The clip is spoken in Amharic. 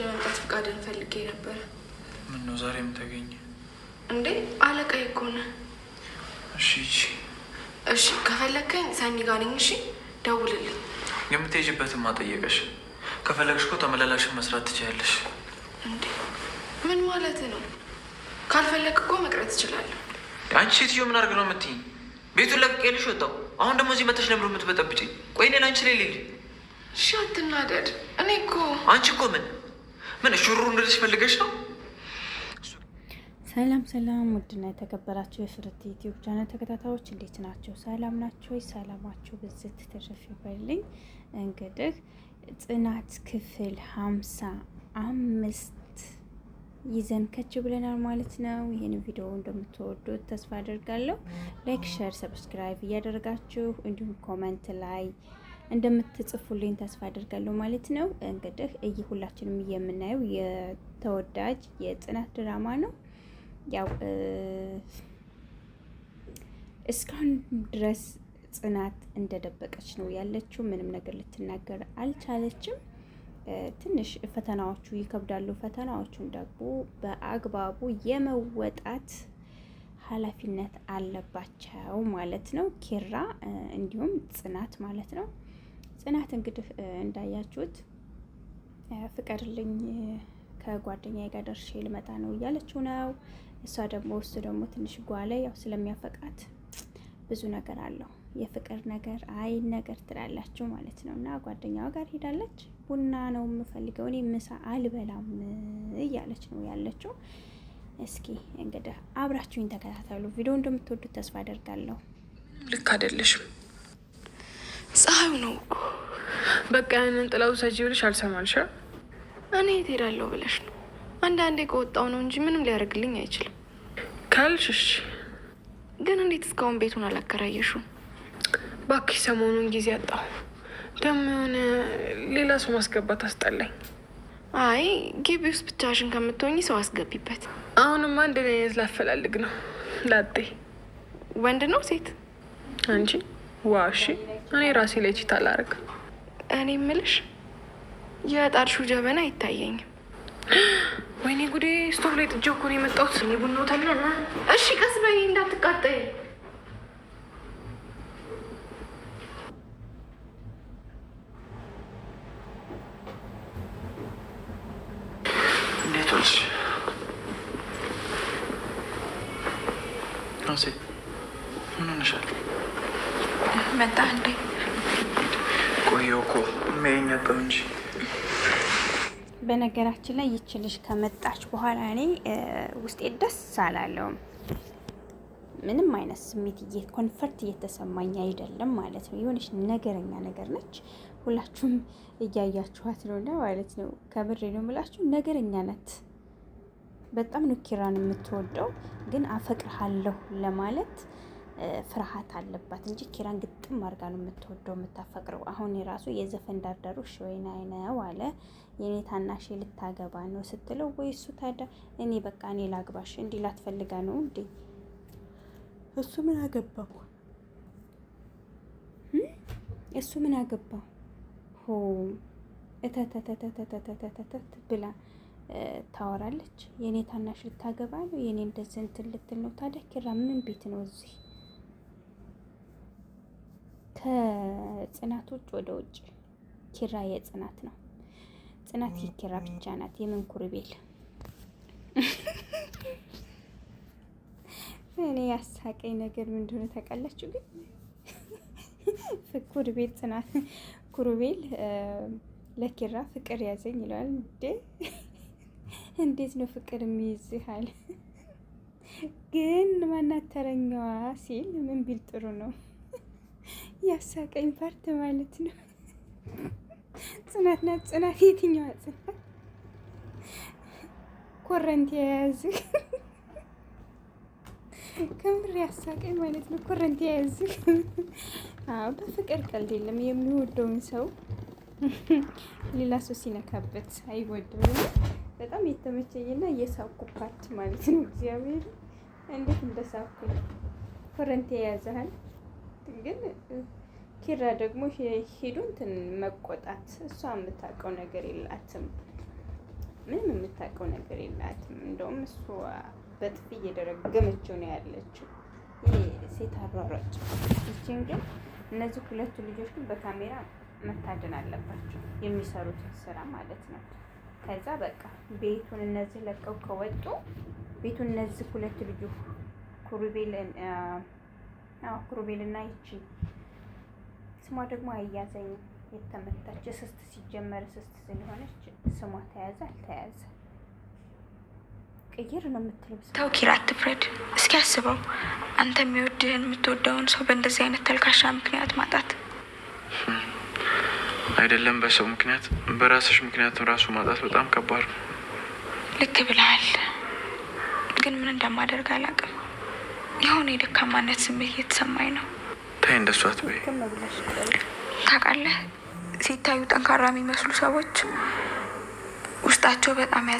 ለመምጣት ፈቃድን ፈልጌ ነበረ። ነው ዛሬም ተገኘ እንዴ? አለቃ ይኮነ እሺ፣ እሺ እሺ፣ ከፈለግከኝ ሰኒ ጋር ነኝ። እሺ ደውልልኝ። የምትሄጂበትማ ጠየቀሽ። ከፈለግሽ እኮ ተመላላሽን መስራት ትችያለሽ። እንዴ ምን ማለት ነው? ካልፈለግ እኮ መቅረት ትችላለሁ። አንቺ ሴትዮ ምን አድርግ ነው የምትይኝ? ቤቱን ለቅቄልሽ ወጣሁ። አሁን ደግሞ እዚህ መተሽ ለምሮ የምትበጠብጭኝ? ቆይ እኔ ለአንቺ ላይ ሌል እሺ፣ አትናደድ። እኔ እኮ አንቺ እኮ ምን ምን ሹሩ እንደዚህ ፈልገሽ ነው? ሰላም ሰላም፣ ውድና የተከበራችሁ የፍርት ዩቲዩብ ቻናል ተከታታዮች እንዴት ናቸው? ሰላም ናቸው ወይ? ሰላማችሁ ብዝት ተሸፍ ይበልኝ። እንግዲህ ጽናት ክፍል ሀምሳ አምስት ይዘን ከች ብለናል ማለት ነው። ይህን ቪዲዮ እንደምትወዱት ተስፋ አደርጋለሁ። ላይክ፣ ሸር፣ ሰብስክራይብ እያደረጋችሁ እንዲሁም ኮመንት ላይ እንደምትጽፉልኝ ተስፋ አድርጋለሁ ማለት ነው። እንግዲህ እይ ሁላችንም የምናየው የተወዳጅ የጽናት ድራማ ነው። ያው እስካሁን ድረስ ጽናት እንደደበቀች ነው ያለችው። ምንም ነገር ልትናገር አልቻለችም። ትንሽ ፈተናዎቹ ይከብዳሉ። ፈተናዎቹን ደግሞ በአግባቡ የመወጣት ኃላፊነት አለባቸው ማለት ነው። ኪራ እንዲሁም ጽናት ማለት ነው። ጽናት እንግዲህ እንዳያችሁት ፍቀድልኝ ከጓደኛዬ ጋር ደርሼ ልመጣ ነው እያለችው ነው። እሷ ደግሞ እሱ ደግሞ ትንሽ ጓለ ያው ስለሚያፈቃት ብዙ ነገር አለው የፍቅር ነገር አይ ነገር ትላላችሁ ማለት ነው። እና ጓደኛዋ ጋር ሄዳለች። ቡና ነው የምፈልገው እኔ ምሳ አልበላም እያለች ነው ያለችው። እስኪ እንግዲህ አብራችሁኝ ተከታተሉ። ቪዲዮ እንደምትወዱት ተስፋ አደርጋለሁ። ልክ አይደለሽም ፀሐዩ ነው እኮ። በቃ ያንን ጥላው ሰጂ ብልሽ አልሰማልሽ። እኔ የት ሄዳለሁ ብለሽ ነው? አንዳንዴ ከወጣው ነው እንጂ ምንም ሊያደርግልኝ አይችልም። ካልሽሽ ግን እንዴት እስካሁን ቤቱን አላከራየሽው? እባክሽ ሰሞኑን ጊዜ አጣሁ። ደሞ የሆነ ሌላ ሰው ማስገባት አስጠላኝ። አይ ግቢ ውስጥ ብቻሽን ከምትሆኝ ሰው አስገቢበት። አሁንም አንድ አይነት ላፈላልግ ነው። ላጤ ወንድ ነው ሴት? አንቺ ዋሺ እኔ ራሴ ላይ ቺት አላደርግም። እኔ ምልሽ የጣርሹ ጀበና አይታየኝም። ወይኔ ጉዴ! ስቶቭ ላይ ጥጄ እኮ ነው የመጣሁት። የቡና ተለ እሺ፣ ቀስ በይ እንዳትቃጠይ። እንዴት ዋልሽ? ራሴ ምን ሆነሻል? መጣ እንዴ? ቆየሁ እኮ የሚያኛጠው እንጂ። በነገራችን ላይ ይች ልጅ ከመጣች በኋላ እኔ ውስጤ ደስ አላለውም። ምንም አይነት ስሜት ኮንፈርት እየተሰማኝ አይደለም ማለት ነው። የሆነች ነገረኛ ነገር ነች። ሁላችሁም እያያችኋት ነውና ማለት ነው። ከብሬ ነው የምላችሁ፣ ነገረኛ ናት። በጣም ነው ኪራን የምትወደው፣ ግን አፈቅርሃለሁ ለማለት ፍርሃት አለባት እንጂ ኪራን ግጥም አድርጋ ነው የምትወደው የምታፈቅረው። አሁን የራሱ የዘፈን ዳርዳሩ እሺ ወይን አይነው አለ የኔ ታናሽ ልታገባ ነው ስትለው፣ ወይ እሱ ታዲያ እኔ በቃ እኔ ላግባሽ እንዲህ ላትፈልጋ ነው እንዴ? እሱ ምን አገባው? እሱ ምን አገባው? ሆ እተተተተተተተተተት ብላ ታወራለች። የእኔ ታናሽ ልታገባ ነው የእኔ እንደዚህ እንትን ልትል ነው። ታዲያ ኪራ ምን ቤት ነው እዚህ ጽናቶች ወደ ውጭ ኪራ የጽናት ነው። ጽናት የኪራ ብቻ ናት። የምን ቤል እኔ ያሳቀኝ ነገር ምን እንደሆነ ታውቃላችሁ? ግን ኩርቤል ጽናት ኩሩቤል ለኪራ ፍቅር ያዘኝ ይለዋል። እንዴ እንዴት ነው ፍቅር የሚይዝሃል? ግን ማናት ተረኛዋ ሲል ምን ቢል ጥሩ ነው? ያሳቀኝ ፓርት ማለት ነው። ጽናት ናት ጽናት፣ የትኛዋ ጽናት? ኮረንት የያዝ ከምር ያሳቀኝ ማለት ነው። ኮረንት የያዝ በፍቅር ቀልድ የለም። የሚወደውን ሰው ሌላ ሰው ሲነካበት አይወደውም። በጣም የተመቸኝና የሳኩ ፓርት ማለት ነው። እግዚአብሔር እንዴት እንደሳኩ ኮረንት የያዘሃል ግን ኪራ ደግሞ ሄዱ እንትን መቆጣት እሷ የምታውቀው ነገር የላትም። ምንም የምታውቀው ነገር የላትም። እንደውም እሷ በጥፊ እየደረገመችው ነው ያለችው ሴት አሯሯጭ። ይችን ግን እነዚህ ሁለቱ ልጆች ግን በካሜራ መታደን አለባቸው የሚሰሩትን ስራ ማለት ነው። ከዛ በቃ ቤቱን እነዚህ ለቀው ከወጡ ቤቱን እነዚህ ሁለት ልጆች ኩሩቤል ክሩቤልና ይቺ ስሟ ደግሞ አያዘኝም። የተመታች ስስት ሲጀመር ስስት ስለሆነች ስሟ ተያዘ አልተያዘ ቅይር ነው የምትለብሰው። ተው ኪራ አትፍረድ። እስኪ አስበው አንተ የሚወድህን የምትወደውን ሰው በእንደዚህ አይነት ተልካሻ ምክንያት ማጣት አይደለም በሰው ምክንያት በራስሽ ምክንያት ራሱ ማጣት በጣም ከባድ ነው። ልክ ብለሃል፣ ግን ምን እንደማደርግ አላውቅም። የሆነ የደካማነት ስሜት እየተሰማኝ ነው። ታይ እንደሷት አትበይ። ታውቃለህ ሲታዩ ጠንካራ የሚመስሉ ሰዎች ውስጣቸው በጣም ያዝ